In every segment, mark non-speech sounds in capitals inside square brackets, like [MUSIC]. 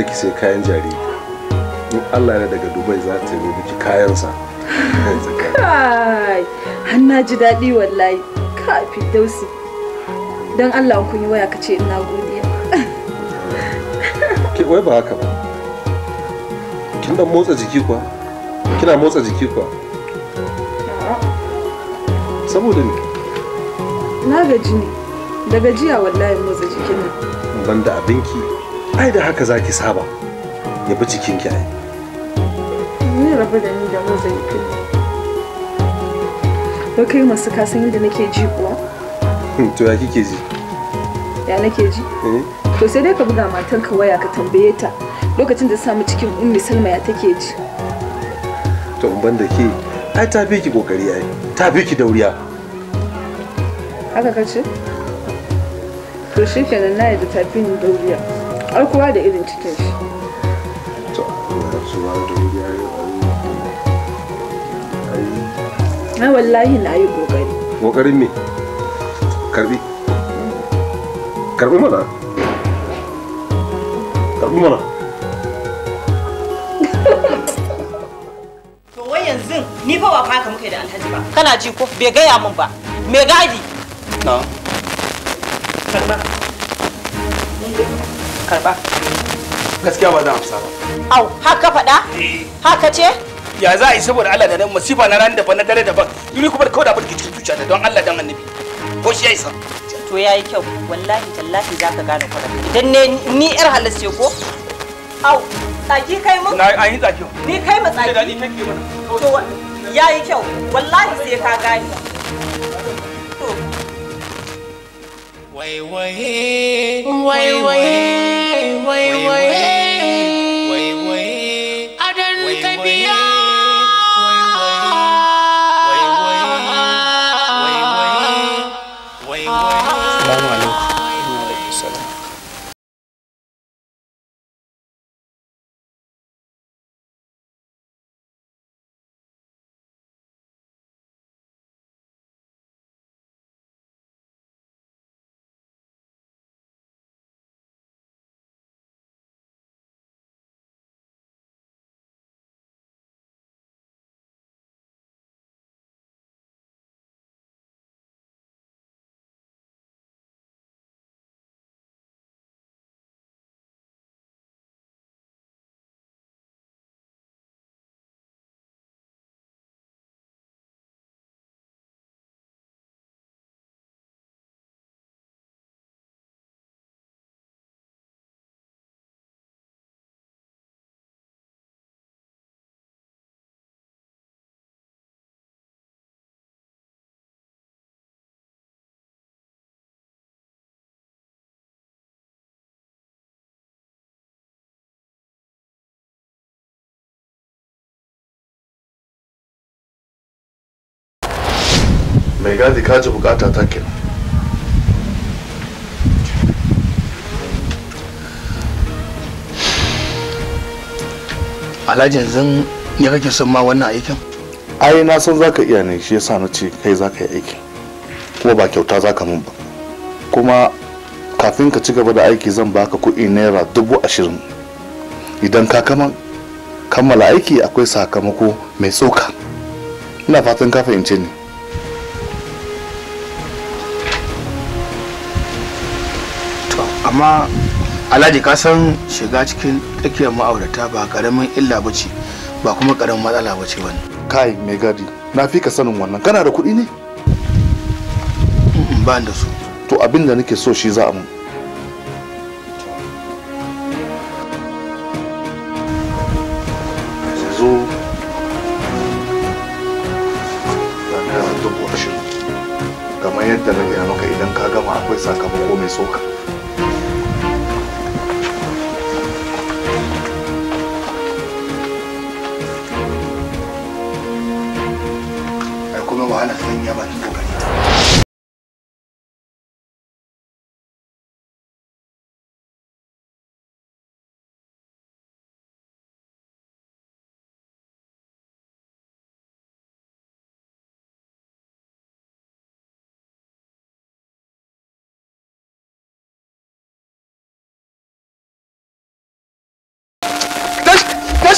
da ki sai kayan jariri in allah ne daga dubai za ta yi miki kayansa kai har na ji daɗi wallahi ka fi dausi don allah kun yi waya ka ce ina godiya ke wai ba haka ba kin dan motsa jiki kuwa kina motsa jiki kuwa saboda me na gaji ne da gajiya wallahi motsa jiki ne. ban da abinki ai da haka zaki saba ya bi cikin ki ai ni rabu da ni da mazaiki ba kai masu kasan yadda nake ji kuwa hmm, to ya kike ji ya nake ji eh. to sai dai ka buga ka waya ka tambaye ta lokacin da samu cikin ummi salma ya take ji to ban da ke ai ta bi ki kokari ai ta bi ki dauriya haka kace to shi kenan na yadda ta fi ni dauriya ai kowa da irin cikin shi na wallahi na yi kokari kokarin me karbi karbi mana karbi mana [LAUGHS] to wai yanzu ni fa ba faka muka da alhaji ba kana ji ko bai gaya min ba me gadi na karba karba gaskiya ba zan amsa ba au haka faɗa eh. haka ce ya za a yi saboda Allah da nan masifa na ran daban na dare daban yuri kuma da kawai da abin cikin zuciya da don Allah dan annabi ko shi ya isa to ya yi kyau wallahi za ka gane kwara idan ne ni yar halas ko au tsaki kai mu na an yi tsaki ni kai mu tsaki da ni take mana to yi kyau wallahi sai ka gane wai wai wait, wait. wait. mai gadi ka ji bukata ta kenan alhaji yanzu ya kake son ma wannan aikin ai na san zaka iya ne shi yasa na ce kai zaka yi aiki kuma ba kyauta zaka min ba kuma kafin ka ci gaba da aiki zan baka kuɗi naira dubu ashirin idan ka kama kammala aiki akwai sakamako mai tsoka ina fatan ka fahimce ni amma alhaji ka san shiga cikin tsakiyar ma'aurata ba karamin illa ba ba kuma karamin matsala ba ce wani kai mai gadi na fi ka sanin wannan kana da kuɗi ne ba da su to abin da nake so shi za a mu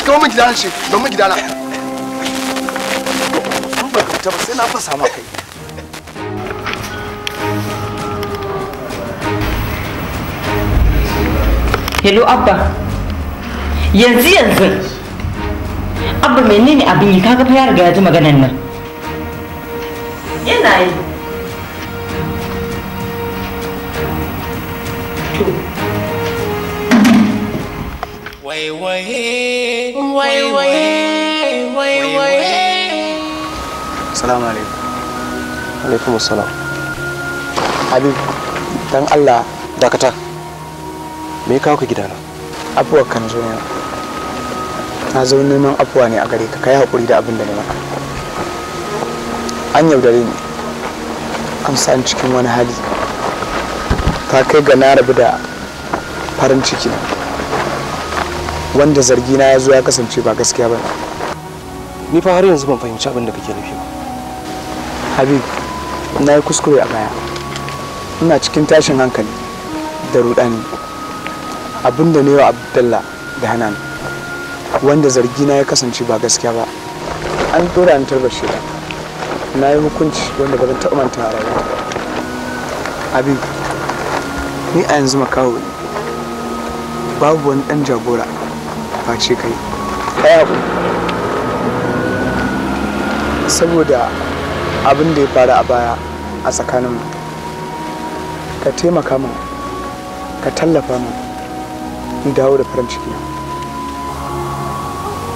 tashi don ba ba sai na fasa ma kai hello abba yanzu yanzu abba menene abin yi kaga fa ya riga ya ji maganan nan waiwaye waiwaye waiwaye salamu alaikum alaikum assalam habib dan allah dakata me kawo ka gidana Afuwa kan zo ne na zo neman afuwa ne a gare ka kai haƙuri da abin da ne maka an yaudare ni an sa cikin wani hali ta kai ga na rabu da farin ciki na wanda zargi na ya zo ya kasance ba gaskiya ba ni fa har yanzu ban fahimci abin da kake nufi ba habib na yi kuskure a baya ina cikin tashin hankali da rudani abin da ne wa abdullah da hanan wanda zargi na ya kasance ba gaskiya ba an dora an tarbar shi na yi hukunci wanda ba zan taɓa manta a rayuwa habib ni a yanzu makaho ne babu wani ɗan jagora face kai saboda abin da ya faru a baya a tsakaninmu ka taimaka min ka tallafa min in dawo da farin ciki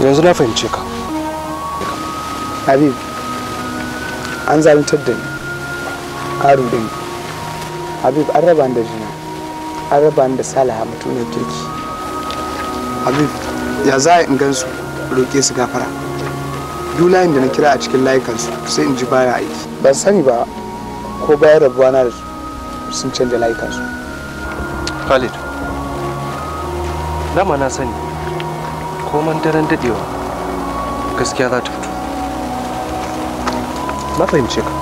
yanzu na fahimce ka habib an zaluntar da ni karu da ni habib an raba da jina an raba da salaha mutum ne kirki habib ya za a yi su roƙe su gafara duk layin da na kira a cikin layukansu sai in ji baya aiki ban sani ba ko bayan rabuwa na da su sun canja layukansu khalid dama na sani koman daren dadewa gaskiya za ta fito na fahimce ka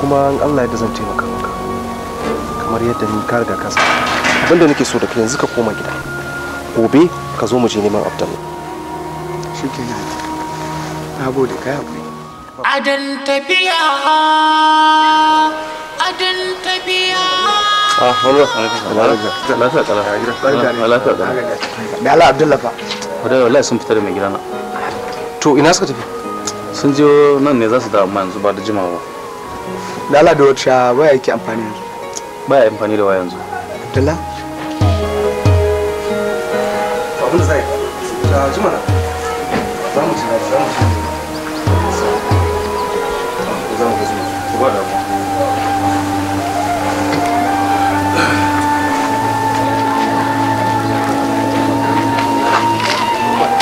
kuma an allah da zan taimaka maka kamar yadda ni ka riga kasa. abinda nake so da yanzu ka koma gida gobe ka zo mu je neman abdullu shi ke nan na gode kai yi adan tafiya adan tafiya ah wallah lafiya lafiya da Allah Abdullah fa wadai wallahi sun fita da mai gidana to ina suka tafi sun je nan ne za su dawo yanzu ba da jimawa da da wata waya yake amfani yanzu baya amfani da waya yanzu 哎，大哥，怎么了？咱们进来，咱们进了嘛。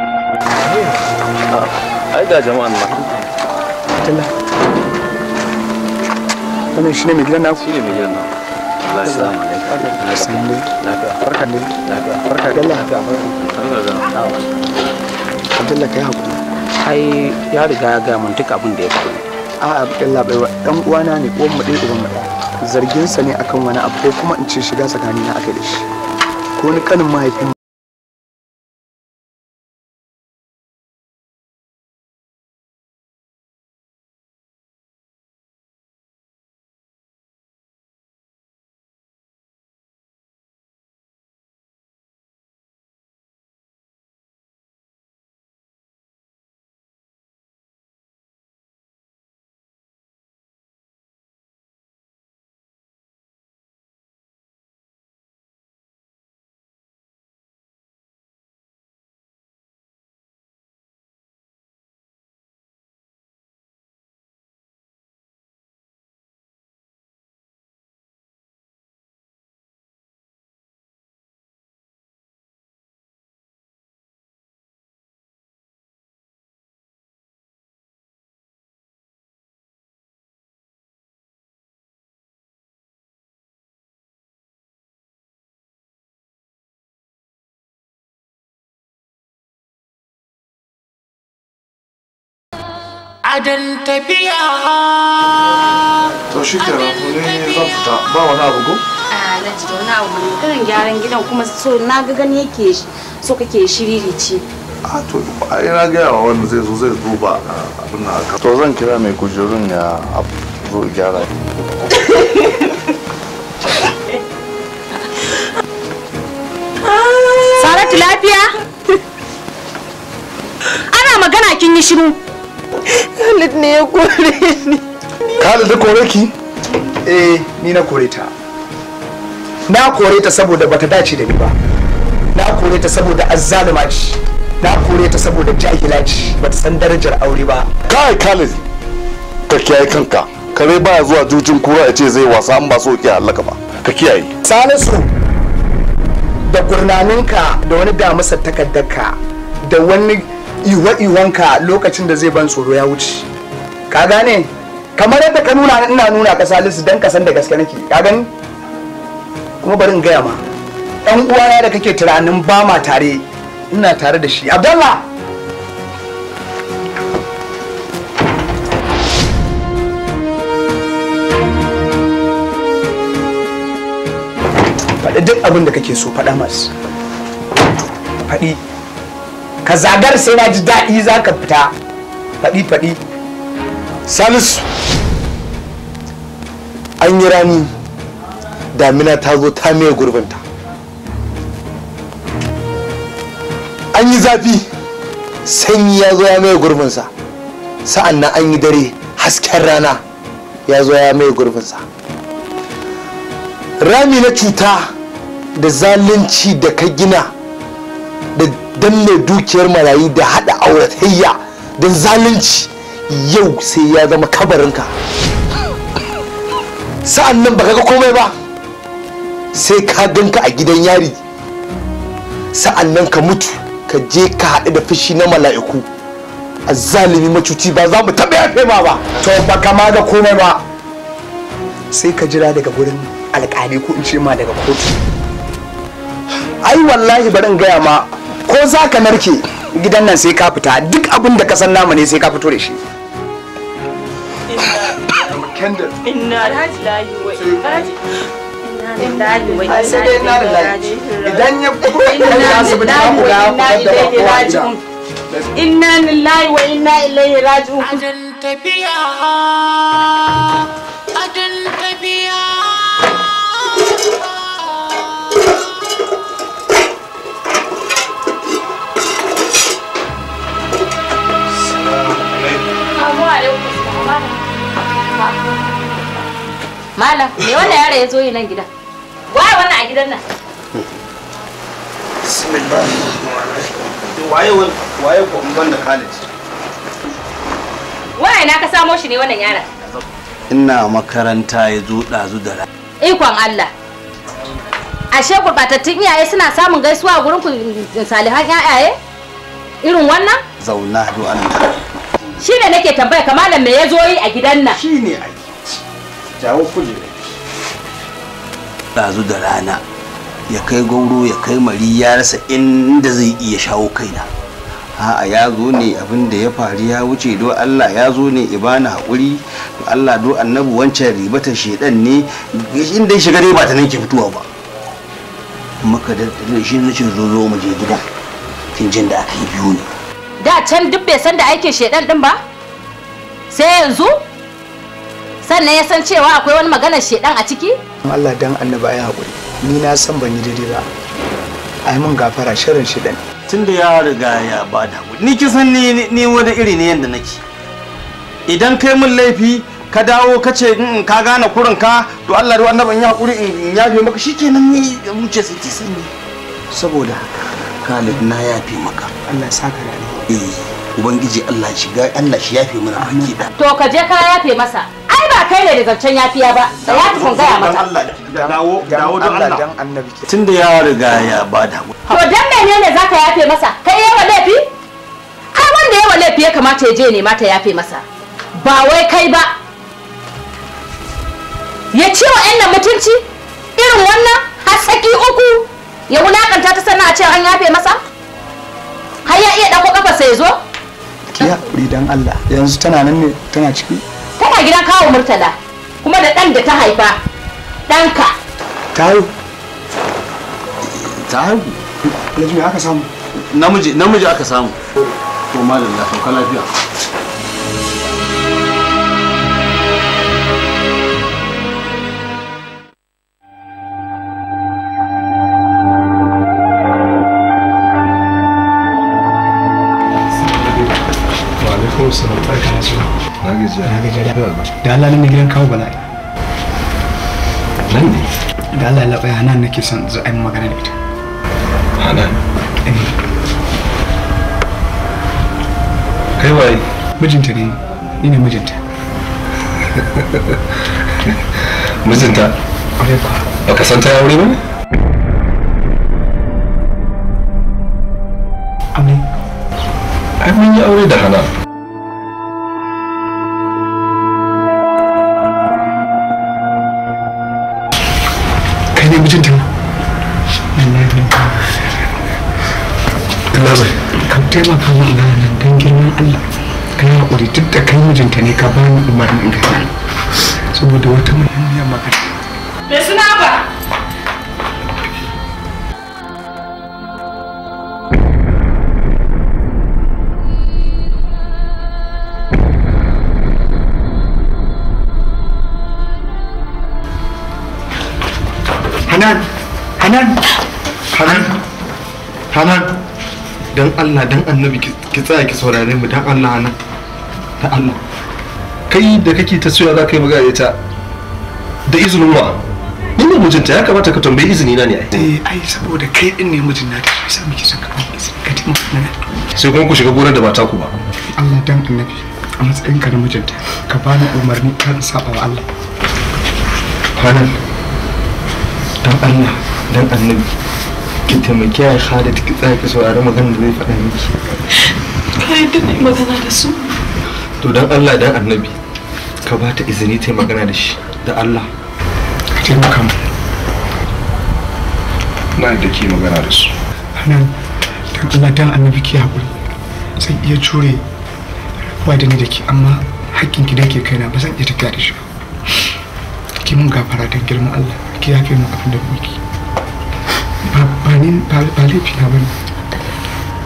的，哎，的，哥，怎么了？真的。咱们十年没见了，七年没见来 ai ya riga ya gaya mun duk abin da ya faru a abdullah bai dan uwana ne ko mu dai uban zargin sa ne akan wani abu ko kuma in ce shiga tsakani na aka da shi ko ni kanin mahaifin adan tafiya to shi ke ne zan fita ba wani abu ko a na ji wani abu ne irin gyaran gidan kuma so na ga gani yake so kake shiriri ce a to ai na gaya wa wanda zai zo zai duba abin na haka to zan kira mai kujerun ya zo gyara Saratu lafiya? Ana magana kin yi shiru. Khalid ne ya kore ni. Khalid da kore ki? Eh, ni na kore ta. Na kore ta saboda bata dace da ni ba. Na kore ta saboda azzaluma ce. Na kore ta saboda jahila ce, bata san darajar aure ba. Kai Khalid, ka kiyaye kanka. Kare baya zuwa jujin kura ya ce zai wasa an ba so ki halaka ba. Ka kiyaye. Salisu da gurnaninka da wani damusa takaddaka da wani iwa-iwanka lokacin da zai ban tsoro ya wuce ka gane kamar yadda ka nuna ina nuna ka salisu don ka san da gaske nake ka gani kuma bari in gaya ma ɗan uwana da kake tunanin ba ma tare ina tare da shi abdallah faɗi duk abin da kake so faɗa masu faɗi ka zagar sai na ji daɗi za ka fita faɗi faɗi salisu an yi rani damina ta zo ta mai gurbinta an yi zafi sanyi ya zo ya mai gurbinsa sa'an nan an yi dare hasken rana ya zo ya mai gurbinsa rami na cuta da zalunci da ka gina da Dan mai dukiyar marayu da haɗa auratayya da zalunci yau sai ya zama kabarinka sa'an nan baka ga komai ba sai ka ganka a gidan yari sa'an nan ka mutu ka je ka haɗu da fushi na mala'iku a zalimi macuci ba za mu taɓa yafe ma ba to baka ma ga komai ba sai ka jira daga gurin alƙali ko in ce ma daga kotu ai wallahi bari in gaya ma ko za ka narke gidan nan sai ka fita duk abin da ka san namu ne sai ka fito da shi inna lillahi wa inna ilaihi raji'un Malam, me wannan yara ya zo yi nan gidan? Waye wannan a gidan nan? Waye waye ko ban da Khalid? Waye na ka samo shi ne wannan yara? Ina makaranta ya zo ɗazu da rana. Ikon Allah. Ashe gurɓatattun iyaye suna samun gaisuwa a gurin ku salihan iyaye? Irin wannan? Zauna do Allah. ne nake tambaya kamalan me ya zo yi a gidan nan? Shine ai. jawo kujere ɗazu da rana ya kai gauro ya kai mari ya rasa inda zai iya shawo kaina a'a ya zo ne abin da ya faru ya wuce do Allah ya zo ne ibana Hakuri, to Allah do annabi wancan ribata shedan ne inda ya shiga ne ba ta nan ke fitowa ba Maka da shi na ce zo zo mu je gida, kin jin da aka yi biyu ne da can duk bai san da aikin shedan din ba sai yanzu sannan ya san cewa akwai wani magana shedan a ciki Allah dan annaba ya hakuri ni na san ban yi daidai ba ai mun gafara shirin shedan tunda ya riga ya bada ni kisan ni ni wani iri ne yanda nake idan kai mun laifi ka dawo ka ce in mm, ka gane kurin ka to Allah da annaban ya hakuri in yafe maka shikenan ni muke sai ta sani saboda Khalid na yafe maka Allah saka da eh ubangiji Allah shiga Allah shi yafe mana hakika. to ka je ka yafe masa kai ne da zancen yafiya ba da ya tukun gaya mata dawo dawo don Allah dan annabi tunda ya riga ya bada to dan menene zaka yafe masa kai yawa laifi ai wanda yawa laifi ya kamata ya je ne mata yafe masa ba wai kai ba ya ce wa yan mutunci irin wannan hasaki uku ya wulakanta ta sannan a ce an yafe masa har ya iya ɗauko kafa sai zo ki haƙuri dan Allah yanzu tana nan ne tana ciki tana gidan kawo murtala kuma da ɗan da ta haifa ɗanka ta haihu ta haihu na aka samu namiji namiji aka samu to madalla to ka lafiya da Allah nan gidan kawo bala'i nan ne da Allah ya labaya nan nake son za a yi magana da ita hanan eh. kai waye mijinta ne ni ne mijinta [LAUGHS] mijinta ba. ka san ta aure ba ne ai mun yi aure da hana mijinta ina zai ka taimaka min na nan don girman allah ka yi haƙuri duk da kai mijinta ne ka ba ni umarni in gani saboda wata muhimmiyar magana bai suna ba hanan hanan hanan dan Allah dan annabi ki tsaya ki saurare mu dan Allah hanan da Allah kai da kake ta soya za ka yi magana da ita da izinin wa ni ne mijinta ya kamata ka tambayi izini na ne ai eh, ai saboda kai din ne mijin na ta sai muke son ka ba izini ka sai kuma ku shiga gonar da ba ta ku ba Allah dan annabi a matsayin ka na mijinta ka bani umarni kan saba wa Allah hanan dan Allah dan annabi ki taimaki ya Khalid ki tsaya ki saurari magana da zai faɗa miki ka yi ne magana da su to dan Allah dan annabi ka ba ta izini ta magana da shi da Allah ka taimaka mu na da ke magana da su hannun dan Allah dan annabi ki haƙuri zan iya jure wa da ni da ki amma hakkin ki da ke kaina ba zan iya tafiya da shi ba ki mun gafara don girman Allah ki yafe mu abin da kuke ba ni ba laifi na bane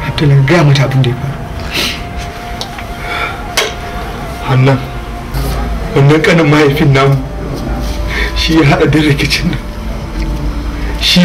abdullahi gaya mata abin da ya faru hannan wannan kanin mahaifin namu shi ya da rikicin nan shi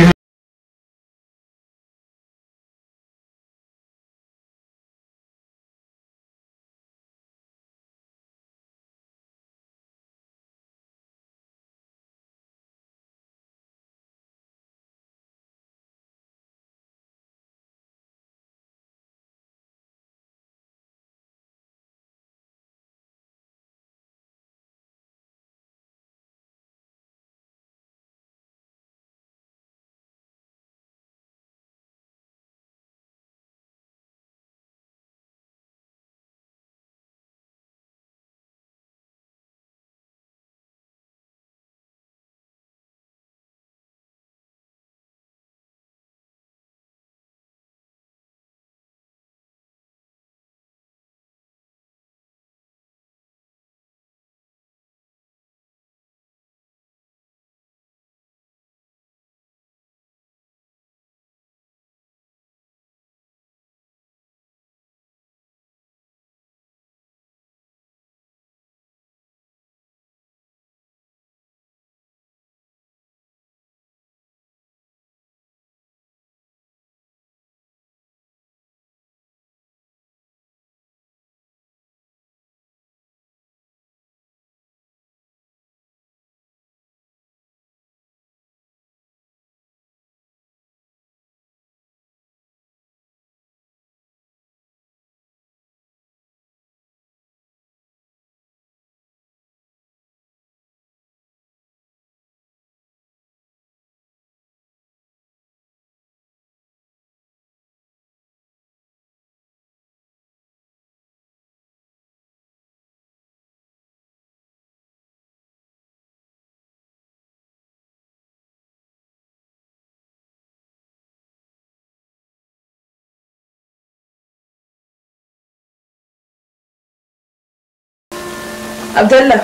Abdullah.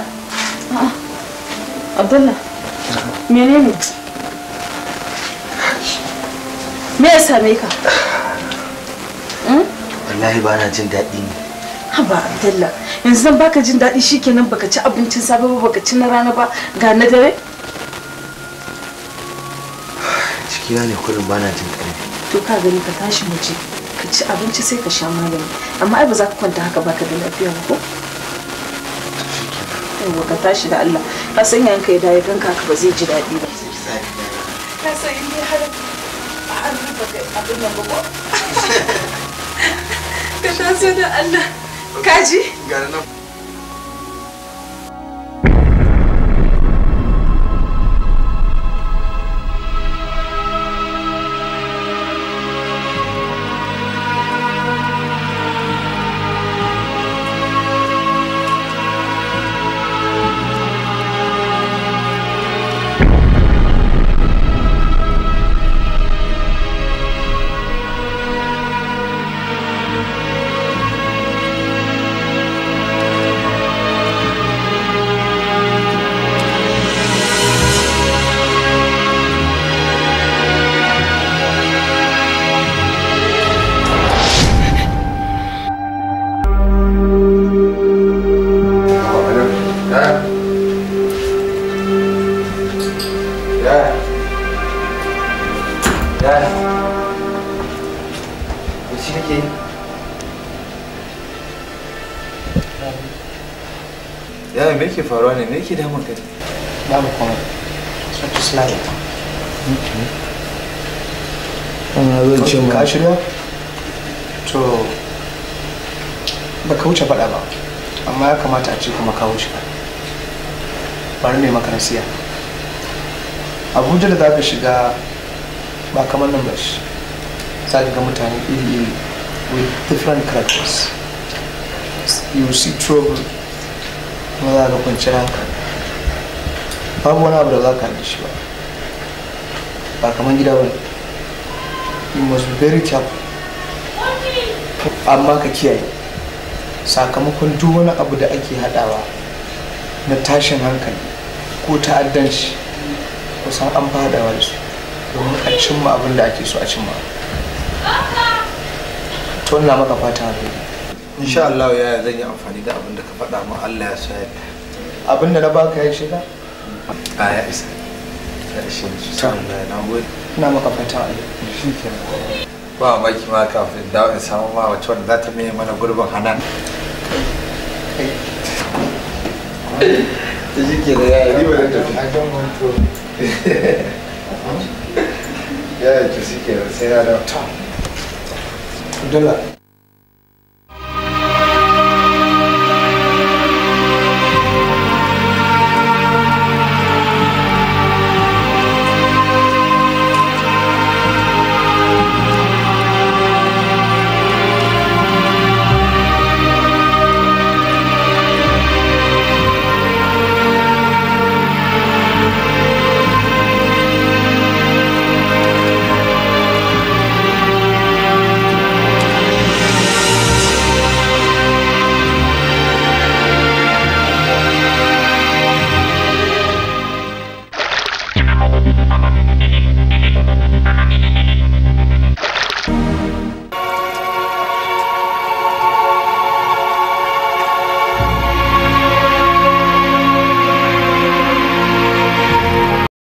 Ah. mene ne Me ya same ka? Hmm? Wallahi ba na jin daɗi ne. Haba Abdullah, yanzu zan baka jin daɗi shikenan baka ci abincin safe ba baka ci na rana ba ga na dare? Cikina ne kullum ba na jin ƙarfi. To ka gani ka tashi mu je ka ci abinci sai ka sha magani. Amma ai ba za ka kwanta haka baka da lafiya ba ko? yau ka tashi da Allah ka san yanka ya dawo ganka ka ba zai ji daɗi ba ka san in dai har har ba ka abin nan ba ko [LAUGHS] ka taso da Allah Ka ji? ga nan faruwa ne me yake damar ka ne babu komai so to slide zan ce ka shirya to baka wuce faɗa ba amma ya kamata a ce kuma ka wuce bari ne maka nasiya abuja da za ka shiga ba kamar nan ba shi za ka ga mutane iri iri with different characters you see trouble kuma za ga hankali babu wani abu da za ka shi ba ba kamar gida ba you very amma ka kiyaye sakamakon duk wani abu da ake haɗawa na tashin hankali ko ta'addanci ko san an fadawa da su domin a cimma abin da ake so a cimma tonna maka fata a insha Allah ya zan yi amfani da abin da ka faɗa mu Allah ya sa abin da na baka ya shiga a ah, ya isa ya shi ni ta na gode ina maka fata shi kenan ba ma ki ma kafin da in samu ma wacce wanda za ta mai mana gurbin hanan ta shi ke da yaya riba da tafi [LAUGHS] ya yi ke suke sai ya da ta dala